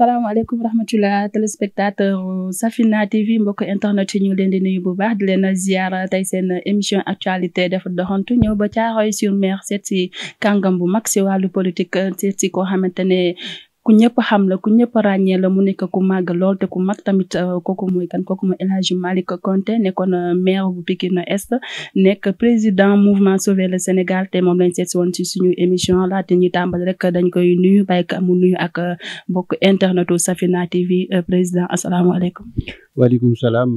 salaamaaleykum rahmatulah téléspectateur Safina TV mbokk internet yi ñu leen di nuyu bu baax di leen ziar tey seen émission actualité def doxantu ñëw ba Caaroy sur Mer seet kàngam bu mag si wàllu politik seet si koo xamante ne ku ñëpp xam la ku ñëpp ràññee la mu nekk ku màgg lool te ku mag tamit euh, kooku mooy kan kooku mooy El Hadji Malick Konté nekkoon euh, maire bu Pikine Est nekk président mouvement Sauver le te moom lañ seet si woon si suñu émission laata ñuy tàmbali rek dañ koy nuyu bàyyi ko mu nuyu ak euh, mbokk internetu Safina TV président asalaamaaleykum. waaleykum salaam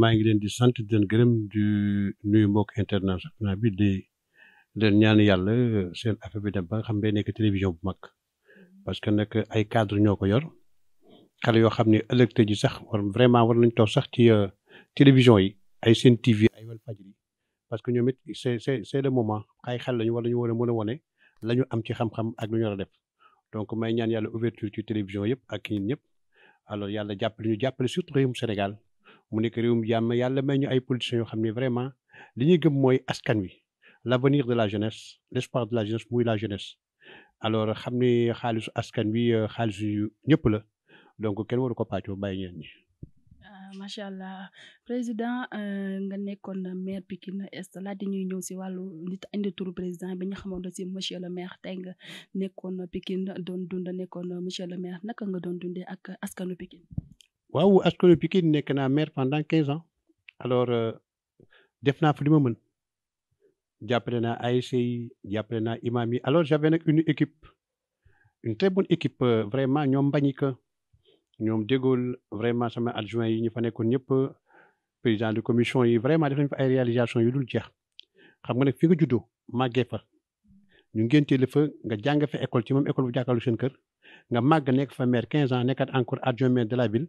maa ngi leen di sant di leen nuy di nuyu mbokk internet Safina bi di leen ñaan yàlla seen affaire bi ba xam ne nekk télévision bu mag. parce que nag ay cadre ñoo ko yor xale yoo xam ne ëllëg tey sax war vraiment war nañ toog sax ci euh, télévision yi ay seen TV ay Walfadjri parce que ñoom it c'est c'est le moment ay xel lañu war ñu war a mën a wane la ñu am ci xam-xam ak lu ñu a def donc may ñaan yàlla ouverture ci télévision yëpp ak ñun ñëpp alors yàlla jàppale ñu jàppale surtout réewum Sénégal mu nekk réewum jàmm yàlla may ñu ay politiciens yoo xam ni vraiment li ñuy gëm mooy askan wi l'avenir de la jeunesse l'espoir de la jeunesse muy la jeunesse alors xam ni xaalisu askan wi euh, xaalisu ñëpp la donc kenn waru ko pàccoo bàyyi ñeen ñi. Ah, macha allah président euh, nga nekkoon maire Pikine Est laata ñuy ñëw si wàllu indi tour président bi ñu xamoon si monsieur le maire tey nga nekkoon Pikine doon dund nekkoon monsieur le maire naka nga doon dundee ak askanu Pikine. waaw askanu Pikine nekk naa maire pendant ans alors euh, def naa fa li ma mën. jàppale naa ASC yi jàppale naa imam yi alors j'avais nag une équipe une très bonne équipe euh, vraiment ñoom Mbagnika ñoom dégool vraiment sama adjoint yi ñu fa nekkoon ñëpp président de commission yi vraiment def nañ fa ay réalisation yu dul jeex xam nga nag fi nga juddoo màggee fa ñu ngéntee la fa nga jàng fa école ci moom école bu jàkkaarlu seen kër nga màgg nekk fa maire quinze ans nekkaat encore adjoint maire de la ville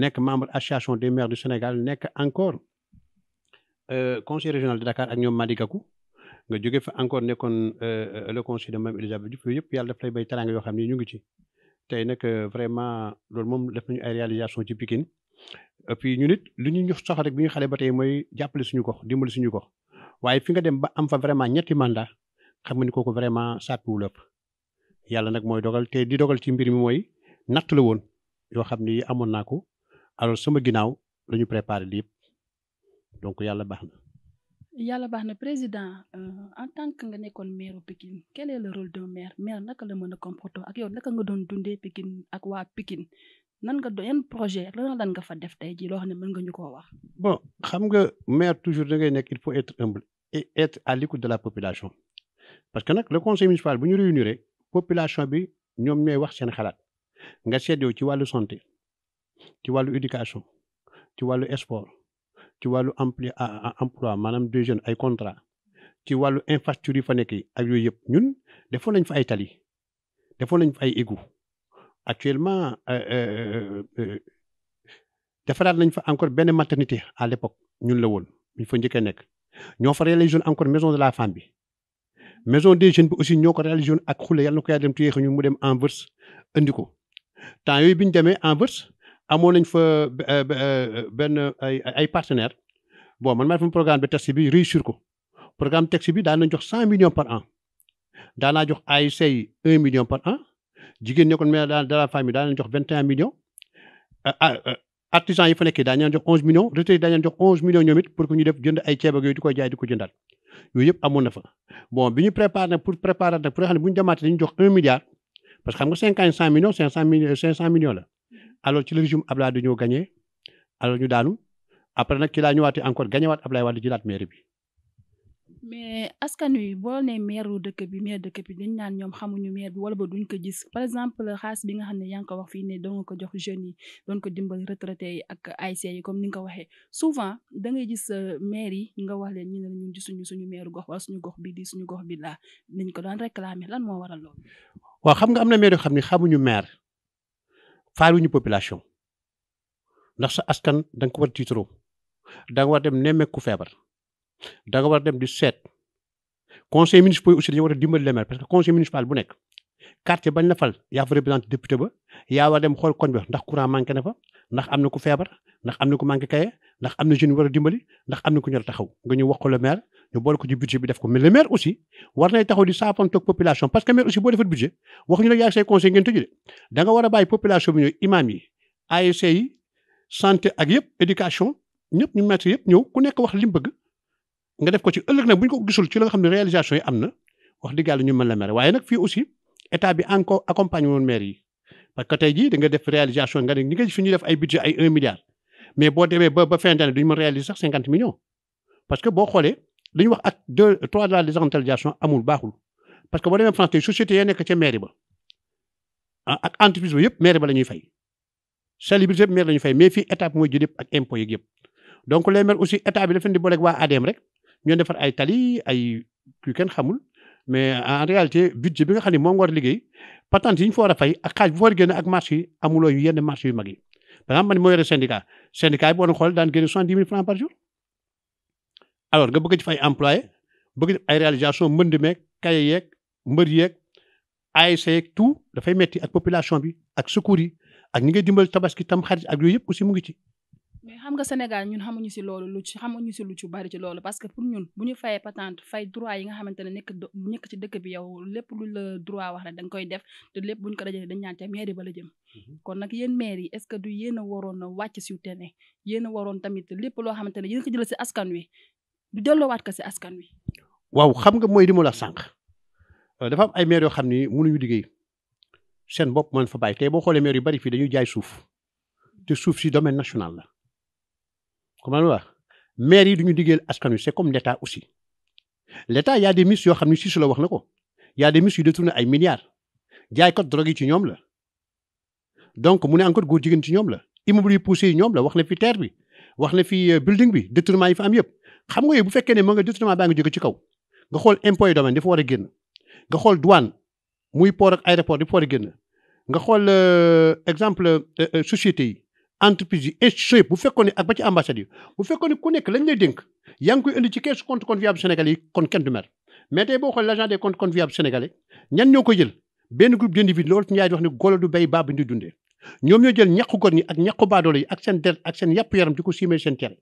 nekk membre association de maire du Sénégal nekk encore Euh, conseil régional de Dakar ak ñoom Madi Gakou nga jóge fa encore nekkoon euh, le conseil de Mame Elisabeth Diouf yooyu yëpp yàlla daf lay bay teraanga yoo xam ne ñu ngi ci tey nag euh, vraiment loolu moom def nañu ay réalisation ci Pikine et puis ñun it li ñu ñu soxla rek bi ñu xale ba tey mooy jàppale suñu gox dimbali suñu gox waaye fi nga dem ba am fa vraiment ñetti manda xam nga ni kooku vraiment sàppiwul ëpp yàlla nag mooy dogal te di dogal ci mbir mi mooy natt la woon yoo xam ni amoon naa ko alors sama ginnaaw la ñu préparé lépp donc yàlla baax na. yàlla baax na président euh, en tant que nga nekkoon maire Pikine quel est le rôle d'un maire maire naka la mën a comporter ak yow naka nga doon dundee Pikine ak waa Pikine nan nga doon yan projet lan lan nga fa def tey jii loo xam ne mën nga ñu koo wax. bon xam nga maire toujours da ngay nekk il faut être humble et être à l'écoute de la population parce que nag le conseil municipal bu ñu rek population bi ñoom ñooy wax seen xalaat nga seet yow ci wàllu santé ci wàllu éducation ci wàllu sport. ci wàllu empli emploi maanaam des jeunes ay contrat ci wàllu infrastructure yi fa nekk ak yooyu yëpp ñun defoo nañ fa ay tali defoon nañ fa ay égout actuellement euh, euh, euh, defaraat nañ fa encore benn maternité à l'époque ñun la woon ñu fa njëkkee nekk ñoo fa réalisé encore maison de la femme bi maison des jeunes bi aussi ñoo ko réalisé ak xule yàlla na ko yaa dem tuyee ñu mu dem en verse indi ko temps yooyu bi ñu demee en verse amoon nañ fa eh, eh, benn ay ay partenaire bon man maa defoon programme bi taxi bi réussir ko programme taxi bi daan nañ jox cent millions par an daanaa jox ASC yi un million par an jigéen ñi kon mais de la famille daan jox vingt et un millions ah, ah, ah, artisans yi fa nekkee daan nañ jox onze millions retraités daan nañ ñu def jënd ay ceeb yooyu di ko jëndaat yooyu yëpp amoon na fa bon bi ñu préparé nag pour préparer nag pour nga xam ne bu ñu demaatee dañu jox un milliard alors ci le régime Abdoulaye Wade ñoo gagné alors ñu daanu après nag ci laa ñëwaatee encore gagné waat Abdoulaye Wade jëlaat maire bi. mais askan wi boo nee maire dëkk bi maire dëkk bi dañ naan ñoom xamuñu maire bi wala ba duñ ko gis par exemple xaalis bi nga xam ne yaa ngi ko wax fii ne doon nga ko jox jeunes yi doon ko dimbali retraités yi ak ASC yi comme ni nga ko waxee souvent da ngay gis euh, maire yi nga wax leen ñu ne ñun gisuñu suñu maire gox wala suñu gox bi di suñu gox bi laa nañ ko daan réclamer lan moo waral loolu. waaw xam nga am yoo xam ne xamuñu maire ñu population ndax sa askan da nga ko war tiitaroo da nga war dem nemmeeku feebar da nga war dem di seet conseil municipal aussi dañoo war a dimbali le maire parce que conseil municipal bu nekk quartier bañ la fal yaa fa représenté député ba yaa war dem xool koñ ba ndax courant manqué na fa ndax am na ku feebar ndax am na ku manqué kaye ndax am na jeune war a dimbali ndax am na ku ñor taxaw nga ñu wax ko le maire ñu ko ci budget bi def ko mais le maire aussi war nay taxaw di saafantoog population parce que maire aussi boo defat budget wax ñu ne say conseil ngeen tëju de da war a bàyyi population bi ñooy imam yi ASC yi santé ak yëpp éducation ñëpp ñu mettre yëpp ñëw ku nekk wax li mu nga ko ci ëllëg nag bu ko gisul ci la xam ne réalisation yi na wax dëgg yàlla ñu mën la maire waaye nag aussi état bi encore accompagné woon maire yi parce que tey jii da nga def réalisation nga ne ñi nga fi ñuy def ay budget ay un milliard mais boo demee ba ba fin d'année du ñu mën réaliser cinquante millions parce que boo xoolee li ñu wax ak deux trois de la amul baaxul parce que boo demee France nekk ca mairie ba ah, ak entreprise ba yëpp mairie ba la ñuy fay salaire bi yëpp mairie la fay mais fii état mooy jël yëpp ak impôts yeeg yëpp donc les aussi état bi dafa leen di booleeg waa ADM rek ñoo defar ay tali ay ku kenn xamul mais en réalité budget bi nga xam ne moom nga war liggéey patente yi ñu fa war a fay ak xaaj bu war a ak marché yi amuloo yu yenn marché yu mag yi par exemple man moo yore syndicat syndicat yi boo doon xool daan génne soixante-dix mille francs par jour alors nga bëgg ci fay employé bëgg def ay réalisation mbënd meeg kaye yeeg mbër yeeg ASC yeeg tout dafay metti ak population bi ak secours yi ak ñi ngay dimbal tabaski tam xarit ak yëpp usi mu ngi ci mais xam nga Sénégal ñun xamuñu si loolu lu ci xamuñu si lu ci bari ci loolu parce que pour ñun bu ñu fayee patente fay droit yi nga xamante ne nekk nekk ci dëkk bi yow lépp lu la droit wax na da koy def te lépp buñ ko dajalee dañ ñaan ca mairie ba la jëm mhm. kon nag yéen maire yi est-ce que du yéen a waroon a wàcc si tene yéen waroon tamit lépp loo xamante ne yéen ko jëlee si askan wi du delloowaat ka si askan wi waaw xam nga mooy li mu la sànq euh, dafa ay maire yoo xam ni mënuñu liggéey seen bopp mën fa bàyyi tey boo xoolee maire yu bari fii dañuy jaay suuf te suuf si domaine national la comment on wax yi du ñu diggéel askan wi c'est comme l'État aussi l'État y a des miss yoo xam ne si su la wax na ko y a des miss yu détourné ay milliards jaaykat drogue yi ci ñoom la donc mu ne encore góor jigéen ci ñoom la immeuble yu poussé yi ñoom la wax ne fi teer bi wax na fi euh, building bi détournement yi fa am yëpp xam nga yooyu bu fekkee ne moo nga détournement baa ngi jóge ci kaw nga xool impôt et domaine dafa war a génn nga xool douane muy poor ak aéroport dafa war a génn nga xool euh, exemple euh, société yi entreprise yi institution yëpp bu fekkoon ne ak ba ci ambassade yi bu fekkoon ne ku nekk lañ lay dénk yaa ngi koy indi ci kees compte conviable sénégalais yi kon kenn du mer mais tey boo xoolee l' agent des comptes conviables sénégalais ñan ñoo koy jël benn groupe d' individu loolu ci ñaari wax ne golo du bay baa bi di dundee ñoom ñoo jël ñaqu góor ñi ak ñaqu baadoolo yi ak seen der ak seen yàpp yaram di ko siimee seen cere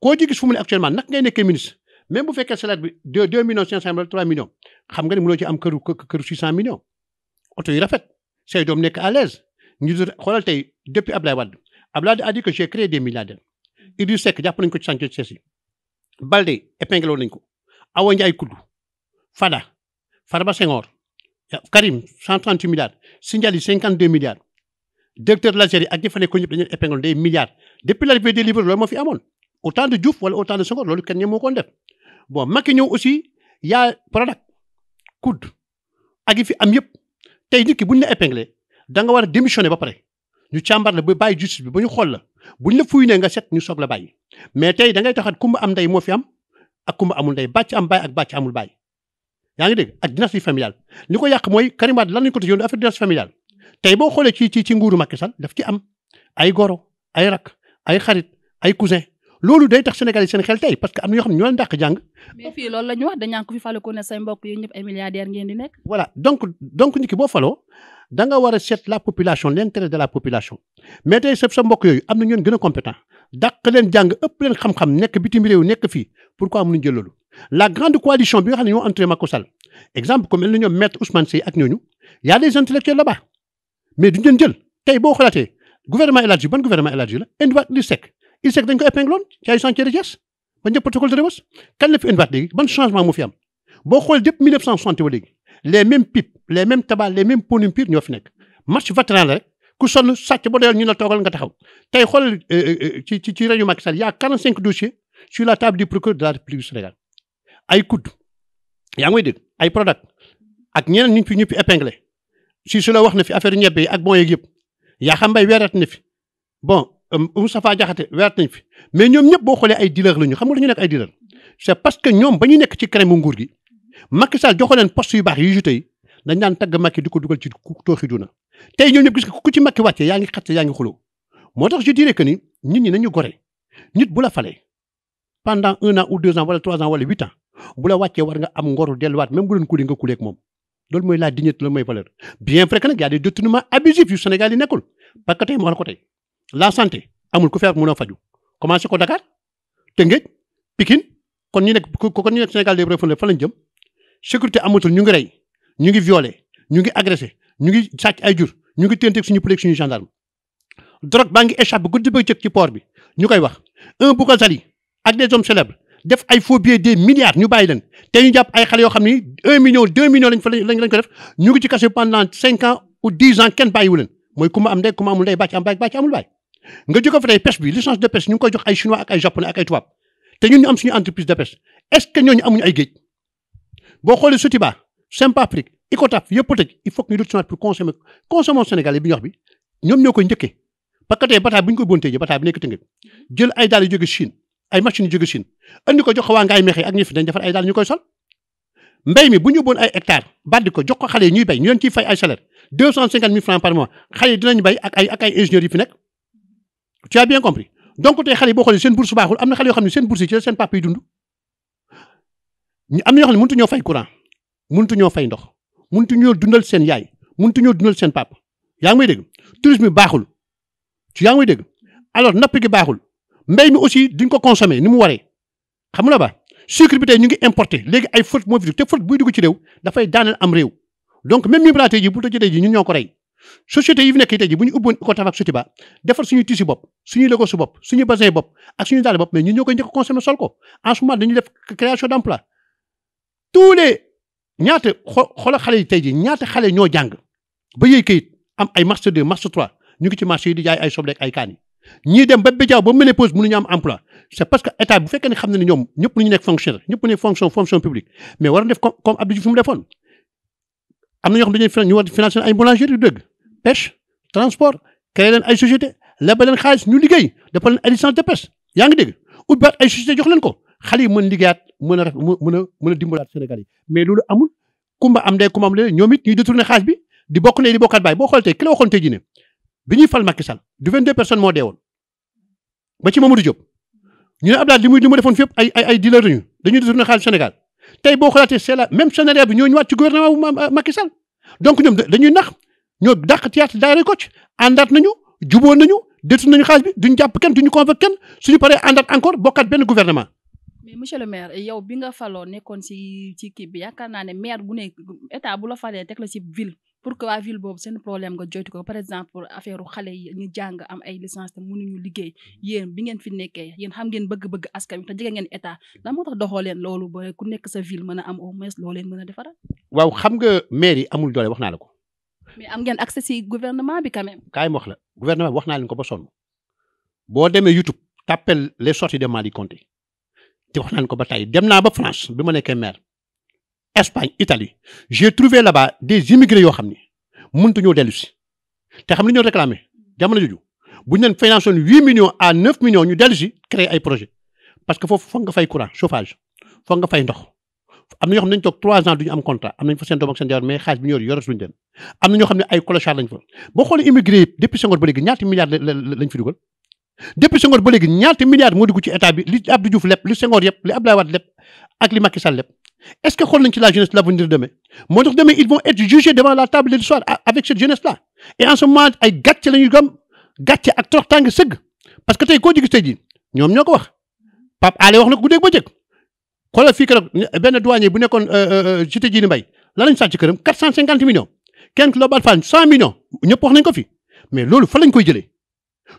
koo ci gis fu mu ne actuellement nag ngay nekkee ministre même bu fekkee salaire bi deux deux millions cinq cent mille trois millions xam nga ne mënoo ci am këru këru six cent millions oto yu rafet say doom nekk à l'aise ñu dul xoolal tey depuis Ablaye Wade Ablaye jàpp nañu ko ci chantier de Cessy Balde épinglé nañu ko Awa Ndiaye Kudu Fada Farba Senghor Karim 138 milliards Sindiali 52 milliards directeur l'Algérie ak ñi fa nekkoon ñëpp dañu épinglé des milliards depuis l'arrivée des loolu moo fi amoon autant de Diouf wala autant de Senghor loolu kenn ñe moo koon def bon Macky ñëw aussi yaa Prodac COUD ak yi fi am yëpp tey nit ki buñ la épinglé da nga war a démissionner ba pare ñu càmbar la ba bàyyi justice bi ba ñu xool la buñ la fuy nee nga set ñu soog la mais tey dangay ngay taxat kumba am ndey moo fi am ak kumba amul ndey bàcc am bàyyi ak bàcc amul bàyyi yaa ngi de ak dynastie familiale li ko yàq mooy Karim Wade lan lañ ko tëj yoon affaire dynastie familiale tey boo xoolee ci ci ci nguuru Macky Sall daf ci am ay goro ay rak ay xarit ay cousin loolu day tax Sénégal yi seen xel tey parce que am na ne ñoo leen dàq jàng. mais donc donc boo faloo da nga a seet la population l'intérêt de la population mais tey sa sa mbokk yooyu am na ñoon gën a compétent dàq leen jàng ëpp leen xam-xam nekk bitim réew nekk fii pourquoi mënuñ jël loolu. la grande coalition bi nga xam ne ñoo entré Macky Sall exemple comme mel na ñoom maître Ousmane Seye ak ñooñu y a des intellectuels là mais duñ leen jël tey boo xalaatee gouvernement élargi ban gouvernement il sait que dañ ko épinglé woon ay chantier de Thiès ba ñëpp protocole de Rebeuss kañ la fi indiwaat léegi ban changement mu fi am boo xoolee depuis 1960 ba léegi les mêmes pipes les mêmes tabac les mêmes pots pire ñoo fi nekk marche vétéran la rek ku sonn sàcc ba doyal ñu la toogal nga taxaw tey xool euh, euh, euh, ci ci ci réunion Macky Sall y a 45 sur la table du procureur de la République du Sénégal ay COUD yaa ngi may dégg ay Prodac ak ñeneen ñu fi ñu fi épinglé si su wax na fi affaire ñebe ak bon yeeg yëpp yaa xam mbay weeraat na fi bon Euh, Moustapha Diakhaté werat nañ fi mais ñoom ñëpp boo xoolee ay dealer la ñu xam nga lu ñu nekk ay dealer c'est parce que ñoom ba ñu nekk ci kanamu nguur gi Macky Sall joxo leen poste yu baax yu jotee yi dañ daan tagg Macky di ko dugal ci tooxi duna tey ñoom ñëpp gis ku ci Macky wàccee yaa ngi xatte yaa ngi xuloo moo tax je dirais que ni nit ñi nañu gore nit bu la falee pendant un an ou deux ans wala trois ans wala huit ans bu la wàccee war nga am ngoru delluwaat même bu doon kuli nga kuleeg moom loolu mooy la dignité loolu mooy valeur bien vrai que nag y a des détournements abusifs yu Sénégal yi nekkul parce que tey moo la ko tey la santé amul ku feebar mënoo faju commencé ko Dakar Tëngéej Pikine kon ñu nekk kon ñu nekk Sénégal des refondé fa lañ jëm sécurité amatul ñu ngi rey ñu ngi violé ñu ngi agressé ñu ngi sàcc ay jur ñu ngi téenteeg suñu police suñu gendarme drogue baa ngi échappé guddi ba cëg ci port bi ñu koy wax un bu ko sali ak des hommes célèbres def ay faux billets des ñu bàyyi leen te ñu jàpp ay xale yoo xam ni un million deux millions lañ fa lañ ko def ñu ngi ci kaso pendant nga jóge fa tey pêche bi licence de pêche ñu ngi koy jox ay chinois ak ay japonais ak ay tubaab te ñun ñu am suñu entreprise de pêche est-ce que ñooñu amuñu ay géej boo xoolee Sotiba Simpafric Icotaf yëpp tëj il faut que ñu dut sonat pour consommer consommer sénégalais bi ñu wax bi ñoom ñoo koy njëkkee parce que tey bataa bi ñu koy bontee ji bataa bi nekk tëngëj jël ay daal yu jóge Chine ay machines yu jóge Chine andi ko jox ko waa ngaay meexee ak ñi fi dañ defar ay daal ñu koy sol mbéy mi bu ñu bon ay hectare baddi ko jox ko xale yi ñuy béy ñu leen ciy fay ay salaire deux cent cinquante mille francs par mois xale yi dinañ béy ak ay ak ay ingénieurs yi fi nekk tu as bien compris donc tey xale yi boo xoolee seen bourse baaxul am na xale yoo xam ne seen bourse yi ci seen papa yi dund am na yoo xam mun tu ñoo fay mun mënut ñoo fay ndox mënut ñoo dundal seen yaay mënut ñoo dundal seen papp yaa ngi may dégg tourisme bi baaxul ci yaa ngi may dégg alors napp gi baaxul mbéy mi aussi duñ ko consommer ni mu waree xam nga ba sucre bi tey ñu ngi importe léegi ay faute moo fi dugg te faute ci réew dafay daaneel am réew donc me ñi balaa tey jii bu tëjee tey ko rey société yi fi nekk te jii bu ñu ubboon Icotaf ak Sotiba defar suñuy tissu bopp suñuy logo su bopp suñuy basin bopp ak suñu daal bopp mais ñun ñoo koy njëkk consommé sol ko en ce moment def création d' emploi tous les ñaata xo xoola xale yi tey jii ñaata xale ñoo jàng ba yëy kayit am ay master 2 master 3 ñu ngi marché yi di jaay ay soble ay kaan yi dem ba béjaaw ba ménopause mënuñu am emploi c' parce que état bu fekkee ne xam ne ñoom am na ñoo xam dañuy ñu war financé ay boulangerie yu dëgg pêche transport créé leen ay société leba leen xaalis ñu liggéey defal leen ay licence de pêche yaa ngi dégg ubbiwaat ay société jox leen ko xale yi mën liggéeyaat mën a ref mën a mën a dimbalaat Sénégal yi mais loolu amul kumba am ndey kumba am leen ñoom it ñuy détourné xaalis bi di bokk ne di bokkaat baay boo xoolee tey ki la waxoon tey ne bi ñuy fal Macky Sall du 22 personnes moo dee woon ba ci Mamadou Diop defoon fépp ay ay ay dealer dañuy détourné Sénégal tey boo xalaatee c'est la même scénario bi ñoo ñëwaat ci gouvernement bu Macky Sall donc ñoom dañuy nax ñoo dàq théâtre daara Kocc àndaat nañu juboo nañu détu nañu xaalis bi duñu jàpp kenn duñu convoqué kenn suñu paree àndaat encore bokkaat benn gouvernement. mais monsieur le maire yow bi nga faloo nekkoon ci ci kii bi yaakaar naa ne maire bu ne état bu la falee teg la ci ville. pour que waa ville boobu seen problème nga joytu ko par exemple affaire xale yi ñu jàng am ay licence te ñu liggéey mm-hmm. yéen bi ngeen fi nekkee yéen xam ngeen bëgg-bëgg askam wi te jege ngeen état mm-hmm. lan tax doxoo leen loolu ba ku nekk sa ville mën a am au moins looleen leen mën a defaral. waaw xam nga maire yi amul doole wax naa la ko. mais am ngeen accès si gouvernement bi quand même. kaay wax la gouvernement bi wax naa leen ko ba sonn boo demee YouTube t'appelles les sorties de Mali Conté te wax ko ba tey dem naa ba France bi ma nekkee maire. Espagne Italie j'ai trouvé là-bas des yoo xam ni mëntu ñoo dellu te xam li ñoo réclamé jamono jooju bu ñu leen financé huit millions à neuf millions ñu dellu si ay projet parce que foofu foog nga fay courant chauffage foog nga fay ndox am na ñoo xam ne ay clochard lañ fa boo xoolee immigré yi depuis ba léegi ñaati milliards lañ fi dugal depuis Senghor ba léegi ñaati milliards moo dugg ci état bi li Abdou Diouf lépp li li Abdoulaye est-ce que xool nañ ci la jeunesse l'avenir demain moo tax demain ils vont être jugés devant la table de l'histoire avec cette jeunesse là et ay gàcce la ñuy ak torox tàng sëgg parce que tey koo ci gis ñoom ñoo ko wax Pape Alé wax na ko guddeeg ba jëkk xoolal fii keroog benn douanier bu nekkoon euh, euh, euh, cité Djily Mbaye la lañ sàcc ci këram 450 millions kenn global fan 100 millions ñëpp wax nañ ko fi mais loolu fa lañ koy jëlee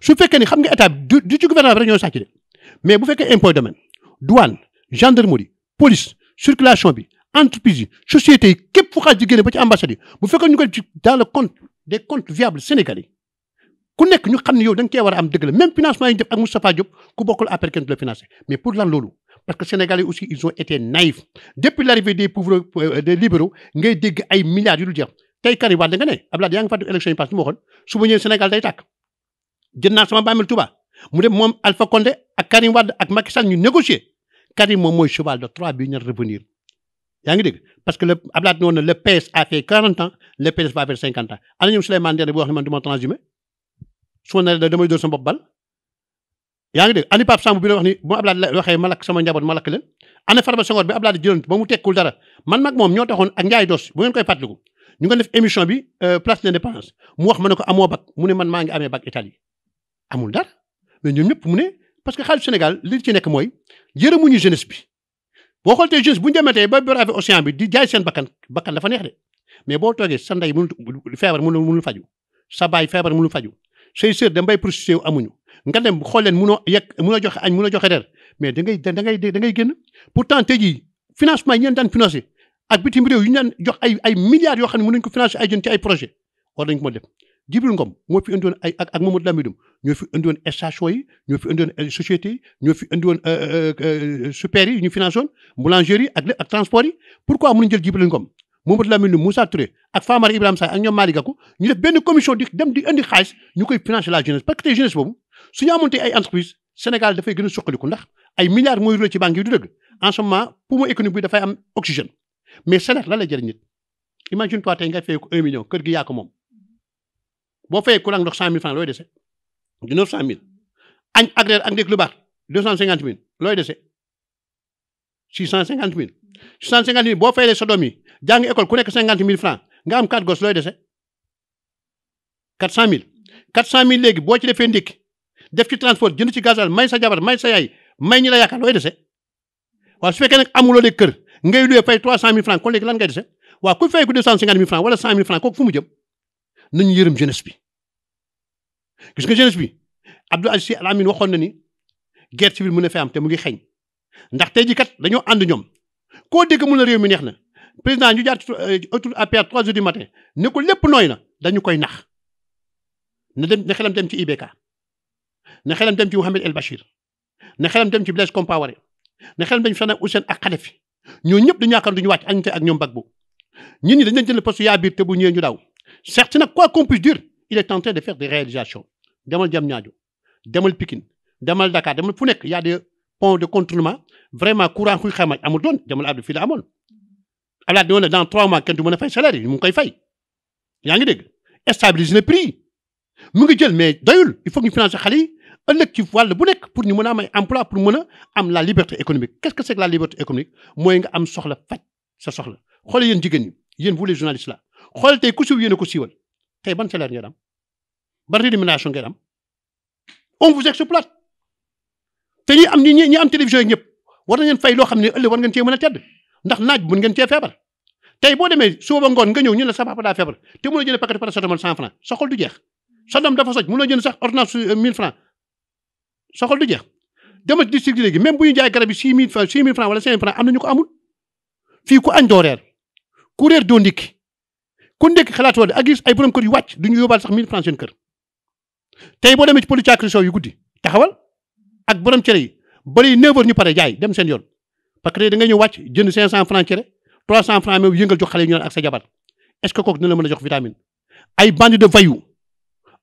su fekkee ni xam nga état du du ci gouvernement bi rek ñoo sàcc de mais bu fekkee impôt circulation bi entreprise yi sociétés yi képp fu xaalis di génne ba ci ambassade yi bu fekkee ñu koy ci dans le compte des comptes viables sénégalais ku nekk ñu xam ne yow da nga war a am dëgg la même financement yi ñu def ak Moustapha Diop ku bokkul après kenn du la financé mais pour lan loolu parce que sénégalais aussi ils ont été naïfs depuis l'arrivée des pauvres euh, des libéraux ngay dégg ay milliards yu dul jeex tey Karim Wade nga ne Abdoulaye yaa ngi fàttali élection yi passé ma waxoon su ma naa sama bàmmeel Touba mu dem moom Alpha Condé ak Karim Wade ak Macky Sall ñu Karim moom mooy cheval de Troie bi ñu revenir yaa ngi dégg parce que le Ablaye noonu ne le PS a fait 40 ans le PS va faire 50 ans ana ñoom Souleymane Ndéné boo wax ne man du ma transhumé su ma nee da damay dóor sama bopp bal yaa ngi dégg ani Pape Samb bi la wax ni bu Ablaye waxee ma lakk sama njaboot ma lakk leen ana Farba Senghor bi Ablaye jëloon ba mu tekkul dara man mag moom ñoo taxoon ak Ndiaye Dos bu ngeen koy fàttaliku ñu nga def émission bi euh, place de l'indépendance ne parce que xaalis Sénégal li ci nekk mooy yërëmuñu jeunesse bi boo xool tey jeunesse bu ñu dematee ba braver océan bi di jaay seen bakkan bakkan dafa neex de mais boo toogee sa ndey mënul feebar mënul mënul faju sa feebar mënul faju say sœur dem bay prostitué amuñu nga dem xool leen mënoo yegg mënoo joxe añ mënoo joxe reer mais da ngay da ngay ngay génn pourtant tey jii financement yi ñu leen daan financé ak bitim réew yi ñu daan jox ay ay yoo xam ne mën nañu ko financé ay jeunes ay projet war nañu ko mën def Djibril moo fi indiwoon ay ak ak Mamadou Lamine Doum ñoo fi indi woon station yi ñoo fi indi woon euh, sociétés yi ñoo fi indi woon euh, euh, super yi ñu financé woon boulangerie yi ak ak mu yi pourquoi mënuñ jël Djibril Ngom Mamadou Lamine Moussa Touré ak Famara Ibrahima Sarr ak ñoom Malick Gakou ñu def benn commission di dem di indi xaalis ñu koy financer la jeunesse parce que tey jeunesse boobu su ñu entreprise Sénégal dafay gën a ndax ay milliards mooy roulé ci banque yi du dëgg en ce moment poumon économique bi dafay am oxygène mais salaire lan lay jëriñ nit imagine toi tey nga fay kër gi yaa ko moom boo fayee courant ndox cent mille francs looy dese du neuf cent mille añ ak reer ak ndékk lu baax deux cent cinquante mille looy dese six cent cinquante mille six cent cinquante mille boo fayalee sa doom yi jàng école ku nekk cinquante mille franc nga am quatre gos looy dese quatre cent mille quatre cent léegi boo ci defee ndékki def ci transport jënd ci gasoil may sa jabar may sa yaay may ñi la yaakaar looy dese waaw su fekkee nag amuloo léegi kër ngay luwee fay trois cent mille franc kon léegi lan ngay dese waaw ku fay ku deux cent cinquante mille franc wala fu mu jëm nañu yërëm jeunesse bi gis nga jeunesse bi Abdou Aziz Sy Al Amine waxoon na ni guerre civile mën na fee am te mu ngi xeeñ ndax tey jii kat dañoo ànd ñoom koo dégg mun ne réew mi neex na président ñu jaar ci euh, autour APR 3 heures du matin ne ko lépp nooy na dañu koy nax na dem na xelam dem ci IBK na xelam dem ci Mouhamed El Bachir na xelam dem ci Blaise Compaoré na xelam dem ci Saddam Hussein ak Kadhafi ñooñu ñëpp dañu yaakaar duñu wàcc añte ak ñoom Gbagbo ñun ñi dañ leen jël poste yaa biir te bu ñëwee ñu daaw de faire demal ñaajo demal Pikine demal Dakar demal fu nekk yaa a des de contournement vraiment courant xuy xamaj amul doon demal Abdou fii la amoon Abdoulaye di ne dans trois mois kenn du mën a fay salaire yi mu ngi koy fay yaa ngi dégg stabilise na prix mu ngi jël mais doyul il faut que ñu financer xale yi ëllëg ci bu nekk pour ñu mën a may ay emploi pour mën a am la liberté économique qu'est-ce que c'est la liberté économique mooy nga am soxla faj sa soxla xool yéen jigéen ñi yéen vous les journalistes là xool tey ku siiw yéen a ko siiwal tey ban salaire ngeen am ban rémunération ngeen am on vous exploite te ñi am ñi ñi am télévision yi ñëpp war na loo xam ne ëllëg war ngeen cee a tedd ndax naaj bu ngeen cee feebar tey boo demee suba ngoon nga ñëw ñu ne sa papa daa feebar te mënoo jënd paquet paracétamol cent franc sa du jeex sa doom dafa soj mënoo jënd sax ordonnance euh, mille franc sa xol du jeex demal district léegi même bu ñu jaay garab yi mille franc six mille mille franc am na ñu ko amul fii ku añ doo ku ñu yóbbaal sax mille tey boo demee ci pëlu càkri sow yu guddi taxawal ak borom cere yi bari 9 heures ñu pare jaay dem seen yoon parce que da nga ñëw wàcc jënd 500 francs cere 300 francs même yëngal jox xale yi ñu naan ak sa jabar est-ce que kooku dina la mën a jox vitamine ay bandits de voyous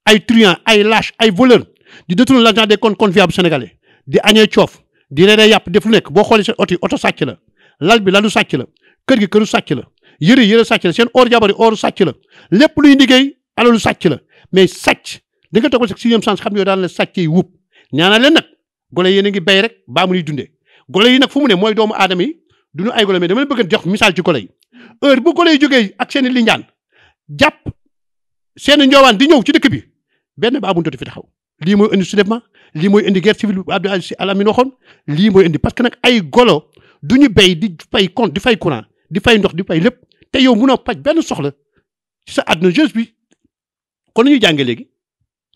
ay truands ay lâches ay voleurs di détourner l'argent des comptes conviables sénégalais di añee coof di reeree yàpp def lu nekk boo xoolee seen oto yi oto sàcc la lal bi lalu sàcc la kër gi këru sàcc la yëre yëre sàcc la seen or jabari or sàcc la lépp luy liggéey alalu sàcc la mais sàcc di nga toog ba sixième sens xam ne yow daal na sàcc yi wub ñaanal leen nag gole yéen a ngi bay rek baa mu nuy dundee gole yi nag fu mu ne mooy doomu aadama yi du ñu ay gole mais dama leen bëgg jox misaal ci gole yi heure bu gole yi jógee ak seen i linjaan jàpp seen njoowaan di ñëw ci dëkk bi benn baa mu dootu fi taxaw lii mooy indi ma lii mooy indi guerre civile bu Abdou Aziz Al Amine lii mooy indi parce que nag ay golo du ñu béy di fay compte di fay courant di fay ndox di fay lépp te yow munoo paj benn soxla sa àdduna jeunesse bi kon ñu jàngee léegi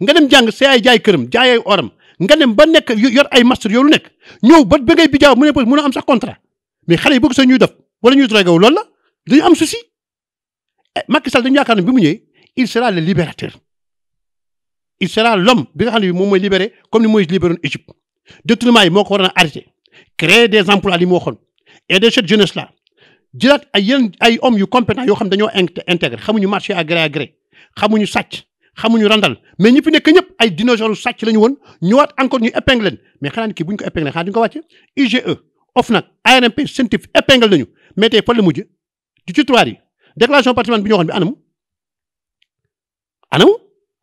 nga dem jàng sa yaay jaay këram jaayay oram nga dem ba nekk yor ay master yow lu nekk ñëw ba ba ngay bijaaw mu ne mën a am sax contrat mais xale yi bëgg sa ñuy def wala ñuy drogué loolu la dañu am souci eh, Macky Sall dañu yaakaar ne bi mu ñëwee il sera le libérateur il sera l'homme bi nga xam ne moom mooy libéré comme ni mooy libéroon Égypte détournement yi moo ko war a arrêté créer des emplois li mu waxoon et de cette jeunesse là jëlaat ay yeneen yu compétents yoo xam dañoo intégré xamuñu marché à gré à gré sàcc xamuñu randal mais ñi fi nekk ñëpp ay dinosaures sàcc woon ñu woon ñëwaat encore ñu épingle leen mais xanaa ni kii bu ñu ko épingle xanaa duñu ko wàcce IGE OFNAC ARMP CENTIF épingle nañu mais tey fan la mujj du ci trois yi déclaration patrimoine bi ñu bi anamu anamu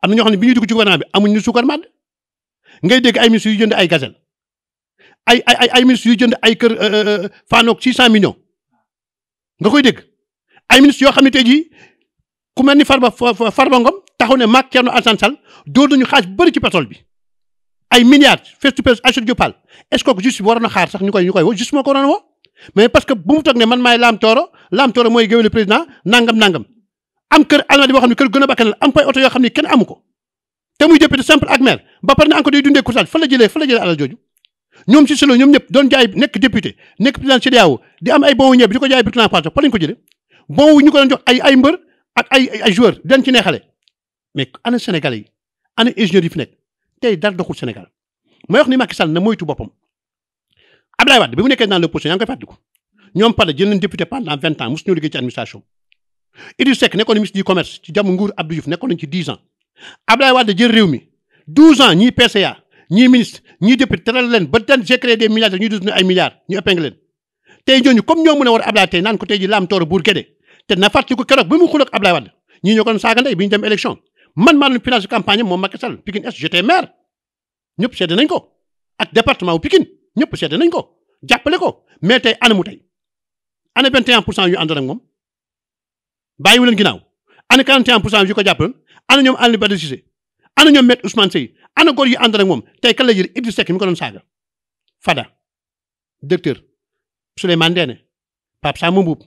am na ñoo xam ne bi ñuy dugg ci gouvernement bi amuñ ñu suukar màdd ngay dégg ay ministres yu jënd ay gazelle ay ay ay yu jënd ay kër euh, euh, euh, faanoog six cent millions nga koy dégg ay ministres yoo xam ne tey jii ku mel ni Farba Farba Ngom taxaw ne mag Thierno Alassane Sall dóor ñu xaaj bëri ci pétrole bi ay milliards face to face Aïssatou Diop Fall est ce que juste xaar sax ñu koy ñu koy woo juste moo ko waroon a woo parce que bu mu toog ne man maay laam tooro laam tooro mooy géwélu président nangam nangam am kër almadi boo xam ne kër gën a bakkan la am koy oto yoo xam ne kenn amu ko te muy député simple ak maire ba pare ne encore day dundee courtage fa la jëlee fa la jëlee alal jooju ñoom si solo doon jaay nekk député nekk président CEDEAO di am ay dañ ci neexale mais ana Sénégal yi ana ingénieur yi fi nekk tey dara doxul Sénégal may wax ni Macky Sall na moytu boppam Abdoulaye Wade bi mu nekkee dans l'opposition yaa ngi koy fàttaliku ñoom pare jël nañ député pendant vingt ans mosu ñu liggéey ci administration Idrissa Seck nekkoon ministre du commerce ci jamono nguur Abdou Diouf nekkoon nañ ci dix ans Abdoulaye jël réew mi douze ñii PCA ñii ministre ñii député teral leen ba ten j'ai créé des milliards ñuy ay milliards ñu épingle a war a Abdoulaye tey naan ko tey ji ñu dem élection man maa doon financé campagne am moom Macky Sall Pikine Est j'étais maire ñëpp seede nañ ko ak département wu Pikine ñëpp seede nañ ko jàppale ko mais tey ana mu tey ana 21 pour cent yu àndoon moom bàyyiwu leen ginnaaw ana 41 pour cent yu ko jàppaloon ana ñoom Alioune Badara Cissé ana ñoom Maître Ousmane Seye ana góor yu àndoon moom tey kan la jël Idrissa Seck mi ko doon saaga Fada docteur Souleymane Ndéné Pape Samba Mboup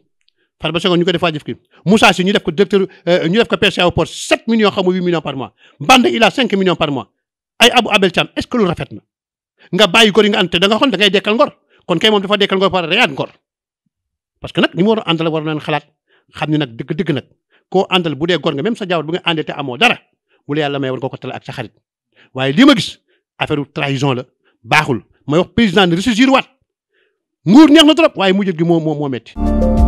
Farba Senghor ñu ko def waajëf ki Moussa Sy ñu ko directeur euh, ñu def ko PCA port 7 millions xam nga 8 millions par mois Banda il a 5 par mois ay Abou Abel Thiam est-ce que loolu rafet na nga bàyyi góor yi nga ante da nga xool da dekkal ngor kon kay moom dafa dekkal ngor par reyaat ngor parce que nag ni mu war a àndal war nañ xalaat xam ne nag dëgg-dëgg nag koo àndal bu dee gor nga même sa jaawar bu nga àndee te amoo dara bu la yàlla may war nga ko ak sa xarit ma gis affaire trahison la baaxul may wax président ne